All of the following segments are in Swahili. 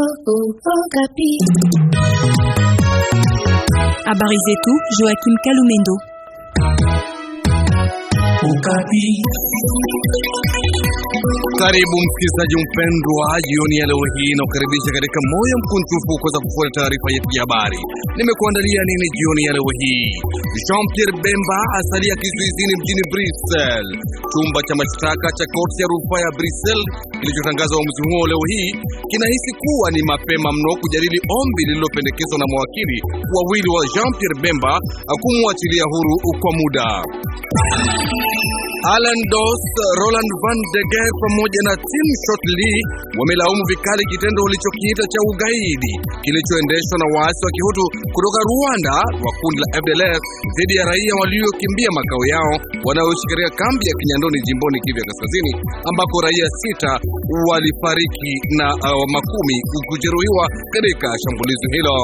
oh, oh, oh, capi. À Barizetou, Joachim Kalumendo. Oh, capi. Karibu msikilizaji mpendwa, jioni ya leo hii inakukaribisha katika moyo mkunjufu kuweza kufuata taarifa yetu ya habari. Nimekuandalia nini jioni ya leo hii? Jean Pierre Bemba asalia kizuizini mjini Brussels. Chumba cha mashtaka cha korti ya rufaa ya Brussels kilichotangaza uamuzi huo leo hii kinahisi kuwa ni mapema mno kujadili ombi lililopendekezwa na mawakili wawili wa Jean Pierre Bemba kumwachilia huru kwa muda Alan Dos, Roland Van de Geer pamoja na Tim Shortley wamelaumu vikali kitendo walichokiita cha ugaidi kilichoendeshwa na waasi wa Kihutu kutoka Rwanda wa kundi la FDLR dhidi ya raia waliokimbia makao yao wanaoshikilia kambi ya Kinyandoni jimboni Kivu ya Kaskazini ambako raia sita walifariki na uh, makumi kujeruhiwa katika shambulizi hilo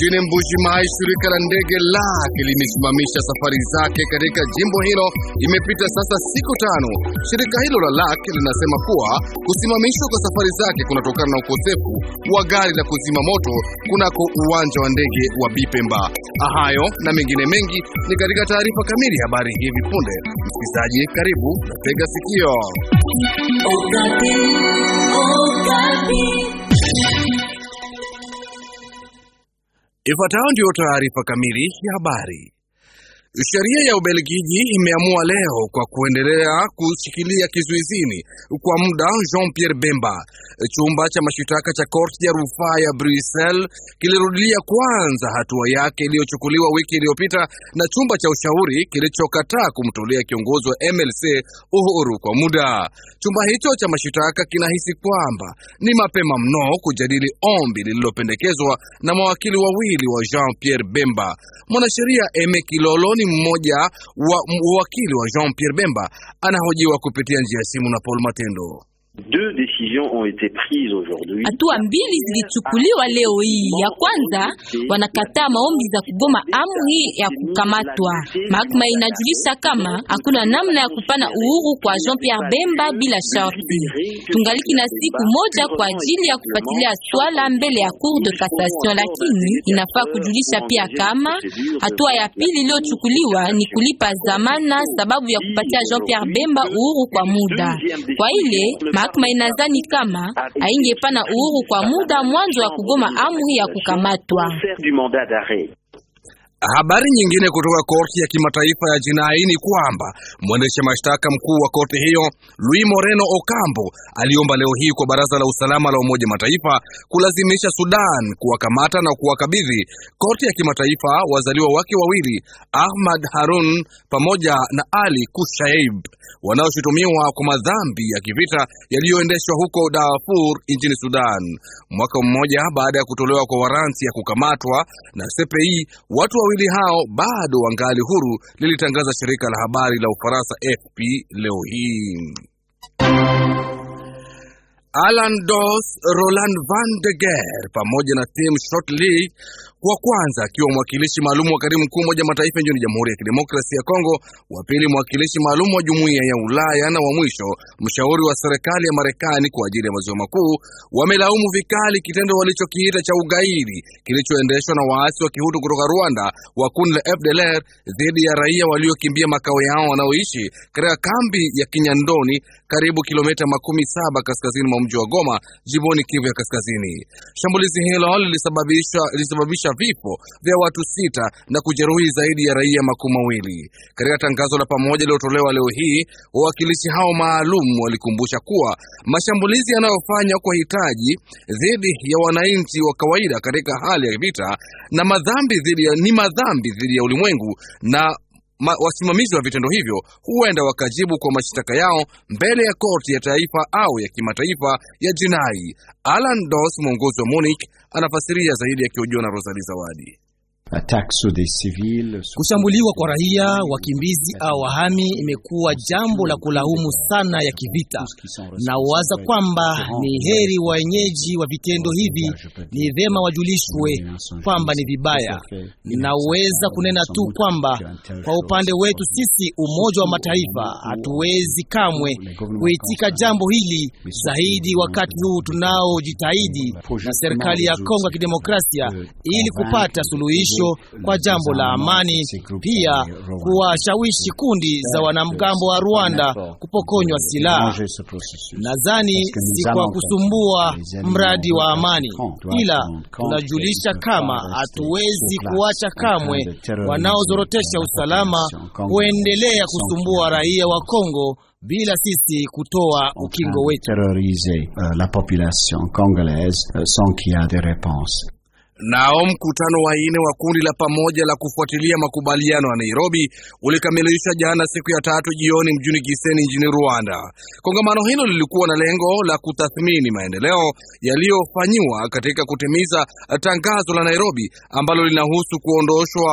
mjini mbuji shirika la ndege lake limesimamisha safari zake katika jimbo hilo. Imepita sasa siku tano. Shirika hilo la lake linasema kuwa kusimamishwa kwa safari zake kunatokana na ukosefu wa gari la kuzima moto kunako uwanja wa ndege wa Bipemba. Hayo na mengine mengi ni katika taarifa kamili habari hivi punde. Msikilizaji, karibu na tega sikio. Ifuatayo ndiyo taarifa kamili ya habari. Sheria ya Ubelgiji imeamua leo kwa kuendelea kushikilia kizuizini kwa muda Jean Pierre Bemba. Chumba cha mashitaka cha korti ya rufaa ya Brussels kilirudilia kwanza hatua yake iliyochukuliwa wiki iliyopita na chumba cha ushauri kilichokataa kumtolea kiongozi wa MLC uhuru kwa muda. Chumba hicho cha mashitaka kinahisi kwamba ni mapema mno kujadili ombi lililopendekezwa na mawakili wawili wa Jean Pierre Bemba. Mwanasheria Eme mmoja wa wakili wa Jean Pierre Bemba anahojiwa kupitia njia ya simu na Paul Matendo. Deux decisions ont été prises aujourd'hui. Hatua mbili zilichukuliwa leo hii. Ya kwanza, wanakataa maombi za kugoma amri ya kukamatwa. Mahakama inajulisha kama hakuna namna ya kupana uhuru kwa Jean-Pierre Bemba bila sharti. Tungaliki na siku moja kwa ajili ya kufuatilia swala mbele ya Cour de Cassation, lakini inafaa kujulisha pia kama hatua ya pili iliyochukuliwa ni kulipa dhamana sababu ya kupatia Jean-Pierre Bemba uhuru kwa muda. Kwa ile mahakama inazani kama haingepana uhuru kwa muda mwanzo wa kugoma amri ya kukamatwa. Habari nyingine kutoka korti ya kimataifa ya jinai ni kwamba mwendesha mashtaka mkuu wa korti hiyo Luis Moreno Ocampo aliomba leo hii kwa baraza la usalama la Umoja Mataifa kulazimisha Sudan kuwakamata na kuwakabidhi korti ya kimataifa wazaliwa wake wawili Ahmad Harun pamoja na Ali Kushaib wanaoshutumiwa kwa madhambi ya kivita yaliyoendeshwa huko Darfur nchini Sudan. Mwaka mmoja baada ya kutolewa kwa waranti ya kukamatwa na CPI, watu wawili wawili hao bado wangali huru, lilitangaza shirika la habari la Ufaransa AFP leo hii. Alan Dos, Roland Van de Geer pamoja na Tim Shotley wa kwanza akiwa mwakilishi maalum wa katibu mkuu Umoja Mataifa nchini Jamhuri ya Kidemokrasia ya Kongo, wa pili mwakilishi maalum wa Jumuiya ya Ulaya na wa mwisho mshauri wa serikali ya Marekani kwa ajili ya maziwa makuu, wamelaumu vikali kitendo walichokiita cha ugaidi kilichoendeshwa na waasi wa kihutu kutoka Rwanda wa kundi la FDLR dhidi ya raia waliokimbia makao yao wanaoishi katika kambi ya Kinyandoni karibu kilomita makumi saba kaskazini mwa mji wa Goma, jimboni Kivu ya Kaskazini. Shambulizi hilo lilisababisha vifo vya watu sita na kujeruhi zaidi ya raia makumi mawili. Katika tangazo la pamoja lililotolewa leo hii, wawakilishi hao maalum walikumbusha kuwa mashambulizi yanayofanywa kwa hitaji dhidi ya wananchi wa kawaida katika hali ya vita na madhambi dhidi ya, ni madhambi dhidi ya ulimwengu na ma, wasimamizi wa vitendo hivyo huenda wakajibu kwa mashtaka yao mbele ya korti ya taifa au ya kimataifa ya jinai. Alan Doss, mwongozi wa Munich, anafasiria zaidi akihojiwa na Rosali Zawadi. Kushambuliwa kwa raia wakimbizi au wahami imekuwa jambo la kulaumu sana ya kivita, na waza kwamba ni heri wenyeji wa vitendo hivi ni vema wajulishwe kwamba ni vibaya. Naweza kunena tu kwamba kwa upande wetu sisi, Umoja wa Mataifa, hatuwezi kamwe kuitika jambo hili zaidi wakati huu tunaojitahidi na serikali ya Kongo ya Kidemokrasia ili kupata suluhisho suluhisho kwa jambo la amani, pia kuwashawishi kundi za wanamgambo wa Rwanda kupokonywa silaha. Nadhani si kwa kusumbua mradi wa amani, ila tunajulisha kama hatuwezi kuacha kamwe wanaozorotesha usalama kuendelea kusumbua raia wa Kongo bila sisi kutoa ukingo wetu. Nao mkutano wa nne wa kundi la pamoja la kufuatilia makubaliano ya Nairobi ulikamilisha jana siku ya tatu jioni mjini Gisenyi nchini Rwanda. Kongamano hilo lilikuwa na lengo la kutathmini maendeleo yaliyofanyiwa katika kutimiza tangazo la Nairobi ambalo linahusu kuondoshwa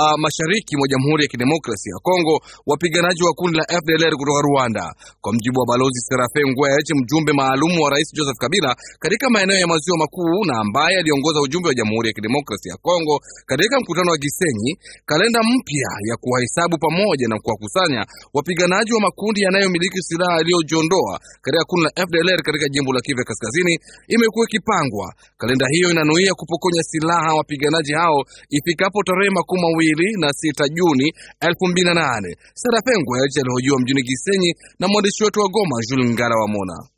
uh, mashariki mwa Jamhuri ya Kidemokrasia ya Kongo wapiganaji wa kundi la FDLR kutoka Rwanda. Kwa mjibu wa Balozi Serafe Ngwech, mjumbe maalum wa Rais Joseph Kabila katika maeneo ya Maziwa Makuu na ambaye aliongoza ujumbe wa Jamhuri Jamhuri ya Kidemokrasia ya Kongo katika mkutano wa Gisenyi kalenda mpya ya kuwahesabu pamoja na kuwakusanya wapiganaji wa makundi yanayomiliki silaha yaliyojiondoa katika kundi la FDLR katika jimbo la Kivu Kaskazini imekuwa ikipangwa. Kalenda hiyo inanuia kupokonya silaha wapiganaji hao ifikapo tarehe makumi mawili na sita Juni 2008. Sara Pengwa alihojiwa mjini Gisenyi na mwandishi wetu wa Goma Jules Ngala wa Mona.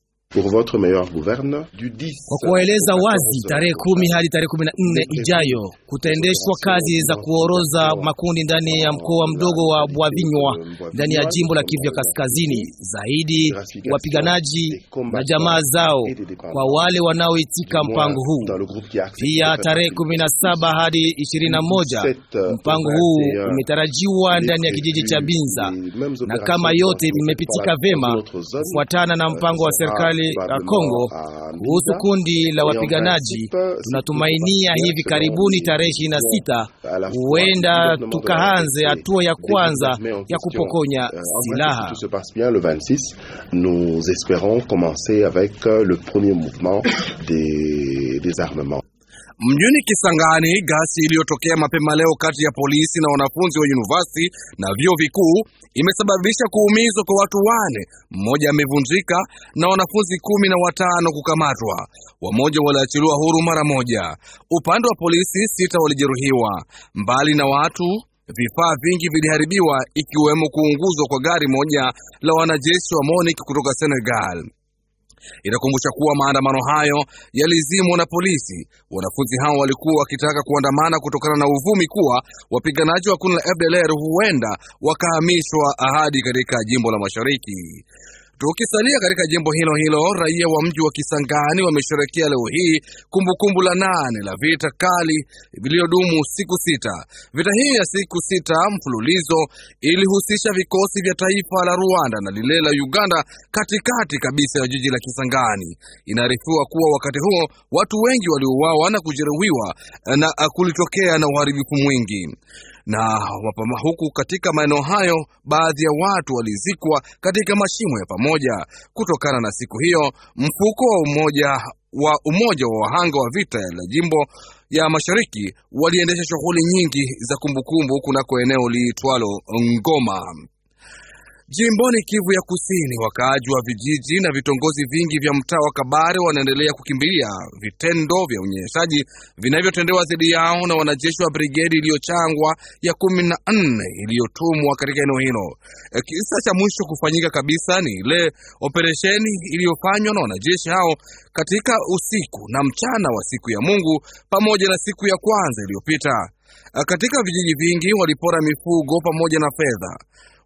Kwa kuwaeleza wazi, tarehe kumi hadi tarehe kumi na nne ijayo kutaendeshwa kazi za kuoroza makundi ndani ya mkoa mdogo wa Bwavinywa ndani ya jimbo la Kivu ya Kaskazini, zaidi wapiganaji na jamaa zao kwa wale wanaoitika mpango huu. Pia tarehe kumi na saba hadi ishirini na moja euh, mpango huu umetarajiwa ndani ya kijiji cha Binza, na kama yote imepitika vema kufuatana na mpango wa euh, serikali la Kongo kuhusu kundi la wapiganaji. Tunatumainia hivi karibuni, tarehe na sita huenda tukaanze hatua ya kwanza ya kupokonya euh, silaha. Nous espérons commencer avec le premier mouvement des, des armements. Mjini Kisangani, gasi iliyotokea mapema leo kati ya polisi na wanafunzi wa yunivasi na vyuo vikuu imesababisha kuumizwa kwa watu wane, mmoja amevunjika na wanafunzi kumi na watano kukamatwa. Wamoja waliachiliwa huru mara moja. Upande wa polisi, sita walijeruhiwa. Mbali na watu vifaa vingi viliharibiwa ikiwemo kuunguzwa kwa gari moja la wanajeshi wa MONUC kutoka Senegal. Inakumbusha kuwa maandamano hayo yalizimwa na polisi. Wanafunzi hao walikuwa wakitaka kuandamana kutokana na uvumi kuwa wapiganaji wa kundi la FDLR huenda wakahamishwa ahadi katika jimbo la Mashariki. Tukisalia katika jimbo hilo hilo, raia wa mji wa Kisangani wamesherekea leo hii kumbukumbu la nane la vita kali iliyodumu siku sita. Vita hii ya siku sita mfululizo ilihusisha vikosi vya taifa la Rwanda na lile la Uganda katikati kabisa ya jiji la Kisangani. Inaarifiwa kuwa wakati huo watu wengi waliuawa na kujeruhiwa na kulitokea na uharibifu mwingi na wapama huku. Katika maeneo hayo, baadhi ya watu walizikwa katika mashimo ya pamoja. Kutokana na siku hiyo, mfuko wa umoja wa umoja wa wahanga wa vita la jimbo ya mashariki waliendesha shughuli nyingi za kumbukumbu kunako eneo liitwalo Ngoma. Jimboni Kivu ya Kusini, wakaaji wa vijiji na vitongozi vingi vya mtaa wa Kabare wanaendelea kukimbilia vitendo vya unyenyeshaji vinavyotendewa dhidi yao na wanajeshi wa brigedi iliyochangwa ya kumi na nne iliyotumwa katika eneo hilo. E, kisa cha mwisho kufanyika kabisa ni ile operesheni iliyofanywa na wanajeshi hao katika usiku na mchana wa siku ya Mungu pamoja na siku ya kwanza iliyopita. E, katika vijiji vingi walipora mifugo pamoja na fedha.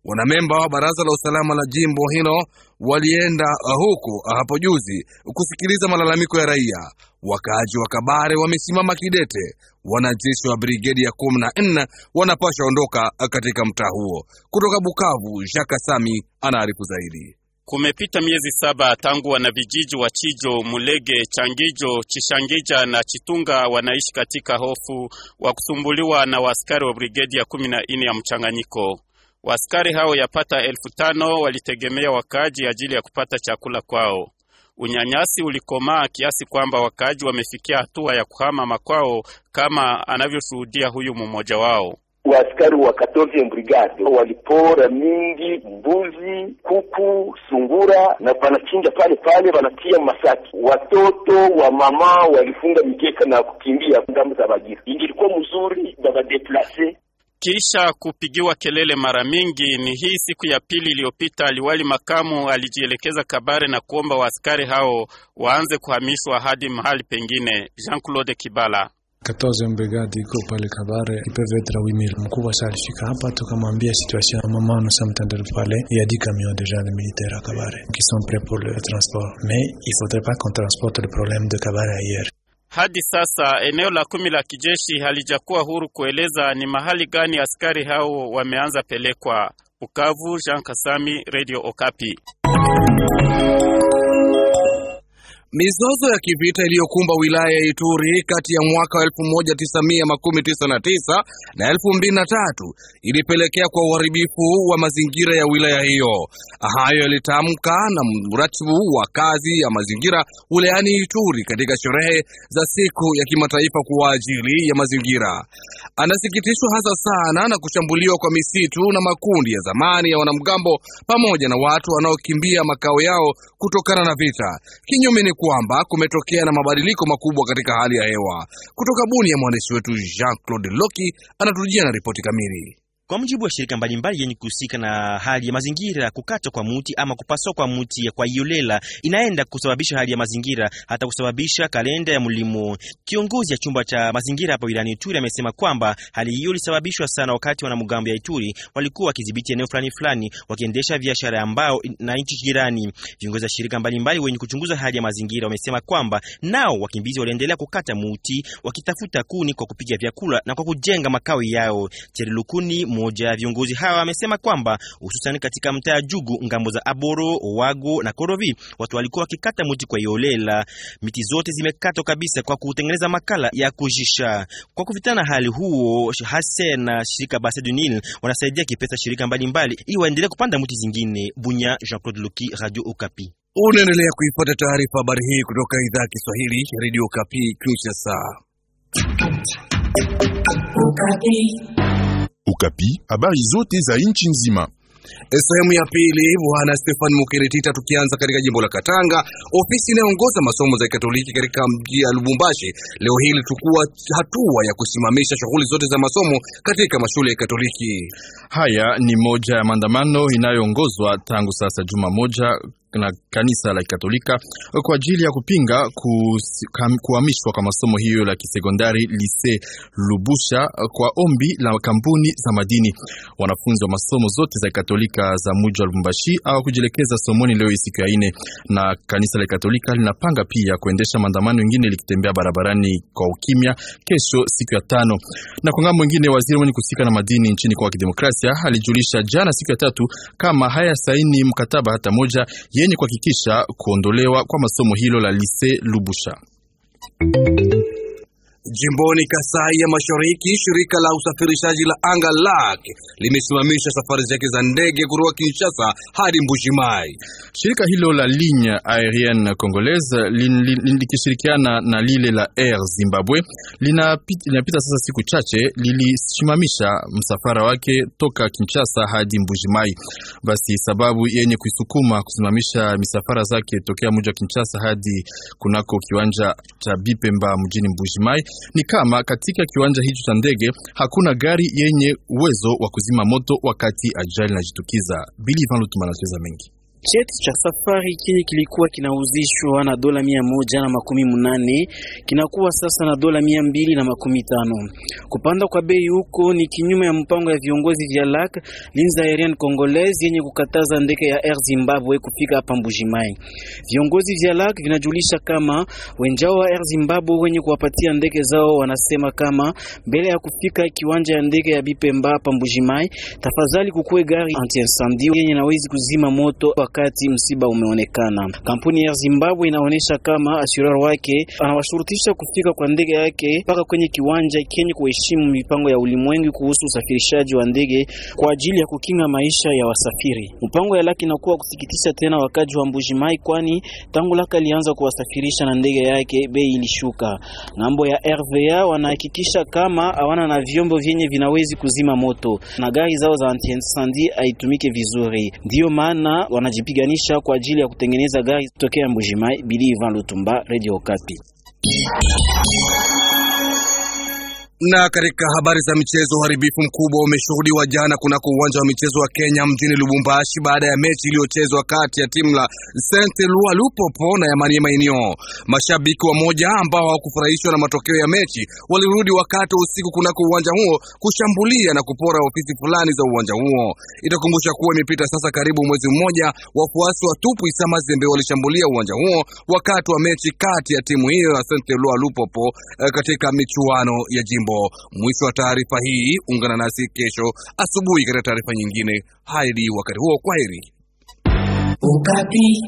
Wanamemba wa baraza la usalama la jimbo hilo walienda uh, huko uh, hapo juzi kusikiliza malalamiko ya raia. Wakaaji wa Kabare wamesimama kidete. Wanajeshi wa brigedi ya kumi na nne wanapasha ondoka uh, katika mtaa huo. Kutoka Bukavu, Jaka Sami anaarifu zaidi. Kumepita miezi saba tangu wanavijiji wa Chijo, Mulege, Changijo, Chishangija na Chitunga wanaishi katika hofu wa kusumbuliwa na waaskari wa brigedi ya kumi na nne ya mchanganyiko waskari hao yapata elfu tano walitegemea wakaaji ajili ya kupata chakula kwao. Unyanyasi ulikomaa kiasi kwamba wakaaji wamefikia hatua ya kuhama makwao, kama anavyoshuhudia huyu mmoja wao. Waaskari wa 14 brigade walipora mingi, mbuzi, kuku, sungura na wanachinja pale pale, wanatia masaki. Watoto wa mama walifunga mikeka na kukimbia ngambo za Bagira. Ingilikuwa mzuri baba kisha kupigiwa kelele mara mingi, ni hii siku ya pili iliyopita, aliwali makamu alijielekeza Kabare na kuomba waaskari hao waanze kuhamishwa hadi mahali pengine. Jean Claude Kibala 14 brigade iko pale Kabare ipevetra wimir mkubwa sasa alifika hapa, tukamwambia situation ya mama nous sommes pale ya di camion deja de militaire à Kabare qui sont prêts pour le transport mais il faudrait pas qu'on transporte le problème de Kabare ailleurs hadi sasa eneo la kumi la kijeshi halijakuwa huru kueleza ni mahali gani askari hao wameanza pelekwa. Bukavu, Jean Kasami, Radio Okapi. Mizozo ya kivita iliyokumba wilaya ya Ituri kati ya mwaka wa 1999 na 2003 ilipelekea kwa uharibifu wa mazingira ya wilaya hiyo. Hayo yalitamka na mratibu wa kazi ya mazingira wilayani Ituri katika sherehe za siku ya kimataifa kwa ajili ya mazingira. Anasikitishwa hasa sana na kushambuliwa kwa misitu na makundi ya zamani ya wanamgambo pamoja na watu wanaokimbia makao yao kutokana na vita. Kinyume kwamba kumetokea na mabadiliko makubwa katika hali ya hewa. Kutoka Bunia, mwandishi wetu Jean Claude Loki anatujia na ripoti kamili. Kwa mujibu wa shirika mbalimbali yenye kuhusika na hali ya mazingira, kukatwa kwa muti ama kupaswa kwa muti kwa iolela inaenda kusababisha hali ya mazingira hata kusababisha kalenda ya mlimo. Kiongozi ya chumba cha mazingira hapa wilayani Ituri amesema kwamba hali hiyo ilisababishwa sana wakati wanamgambo ya Ituri walikuwa wakidhibiti eneo fulani fulani, wakiendesha biashara ambao na nchi jirani. Viongozi wa shirika mbalimbali wenye kuchunguza hali ya mazingira wamesema kwamba nao wakimbizi waliendelea kukata muti wakitafuta kuni kwa kupiga vyakula na kwa kujenga makao yao. Cherilukuni mmoja ya viongozi hawa amesema kwamba hususan katika mtaa ya Jugu, ngambo za Aboro, Owago na Korovi, watu walikuwa wakikata muti kwa iolela. Miti zote zimekatwa kabisa kwa kutengeneza makala ya kujisha. Kwa kuvitana hali huo, hase na shirika Basedunil wanasaidia kipesa shirika mbalimbali ili waendelee kupanda muti zingine. Bunya, Jean-Claude Luki, Radio Okapi. Unaendelea kuipata taarifa habari hii kutoka idhaa ya Kiswahili Radio Okapi. Kinshasa. Okapi, habari zote za nchi nzima. E, sehemu ya pili, Bwana Stefan Mukeretita. Tukianza katika jimbo la Katanga, ofisi inayoongoza masomo za Katoliki katika mji ya Lubumbashi leo hii ilichukua hatua ya kusimamisha shughuli zote za masomo katika mashule ya Katoliki. Haya ni moja ya maandamano inayoongozwa tangu sasa juma moja na kanisa la Katolika kwa ajili ya kupinga kuhamishwa kwa masomo hiyo la kisekondari Lise Lubusha kwa ombi la kampuni za madini. Wanafunzi wa masomo zote za Katolika za muji wa Lubumbashi au kujielekeza somoni leo siku ya ine, na kanisa la Katolika linapanga pia kuendesha maandamano mengine likitembea barabarani kwa ukimya kesho siku ya tano. Na kwa ngambo nyingine, waziri mwenye kusika na madini nchini kwa kidemokrasia alijulisha jana siku ya tatu kama haya saini mkataba hata moja yenye kuhakikisha kuondolewa kwa masomo hilo la lise Lubusha. Jimboni Kasai ya Mashariki, shirika la usafirishaji la anga LAC limesimamisha safari zake za ndege kutoka Kinshasa hadi mbuji Shirika hilo la ligne aerienne congolaise likishirikiana na lile la Air Zimbabwe linapita sasa siku chache lilisimamisha msafara wake toka Kinshasa hadi mbuji Basi sababu yenye kuisukuma kusimamisha misafara zake tokea mji wa Kinshasa hadi kunako kiwanja cha Bipemba mjini mbuji ni kama katika kiwanja hicho cha ndege hakuna gari yenye uwezo wa kuzima moto wakati ajali inajitukiza. Bilivan Lutuma anacheza mengi Cheti cha safari kile kilikuwa kinauzishwa na dola mia moja na makumi munane kinakuwa sasa na dola mia mbili na makumi tano. Kupanda kwa bei huko ni kinyume ya mpango ya viongozi vya LAC Linza Aerian Congolaise yenye kukataza ndeke ya Air Zimbabwe kufika hapa Mbujimai. Viongozi vya LAC vinajulisha kama wenjao wa Air Zimbabwe wenye kuwapatia ndeke zao wanasema kama mbele ya kufika kiwanja ya ndeke ya Bipemba hapa Mbujimai, tafadhali kukue gari anti-incendie yenye nawezi kuzima moto wakati msiba umeonekana. Kampuni ya Zimbabwe inaonyesha kama assureur wake anawashurutisha kufika kwa ndege yake mpaka kwenye kiwanja kenye kuheshimu mipango ya ulimwengu kuhusu usafirishaji wa ndege kwa ajili ya kukinga maisha ya wasafiri. Mpango ya laki inakuwa kusikitisha tena wakaji wa Mbujimai, kwani tangu laka alianza kuwasafirisha na ndege yake bei ilishuka. Ngambo ya RVA wanahakikisha kama hawana na vyombo vyenye vinawezi kuzima moto na gari zao za anti-incendi haitumike vizuri, ndiyo maana wanaji wanajipiganisha kwa ajili ya kutengeneza gari kutokea Mbujimai. Bili Ivan Lutumba, Radio Okapi. Na katika habari za michezo, uharibifu mkubwa umeshuhudiwa jana kunako uwanja wa michezo wa Kenya mjini Lubumbashi baada ya mechi iliyochezwa kati ya timu la Saint Eloi Lupopo na ya Maniema Union. Mashabiki wa moja ambao hawakufurahishwa na matokeo ya mechi walirudi wakati wa usiku kunako uwanja huo kushambulia na kupora ofisi fulani za uwanja huo. Itakumbusha kuwa imepita sasa karibu mwezi mmoja, wafuasi wa Tupu Isama Zembe walishambulia uwanja huo wakati wa mechi kati ya timu hiyo ya Saint Eloi Lupopo eh, katika michuano ya jimbo mambo. Mwisho wa taarifa hii, ungana nasi kesho asubuhi katika taarifa nyingine. Hadi wakati huo, ukati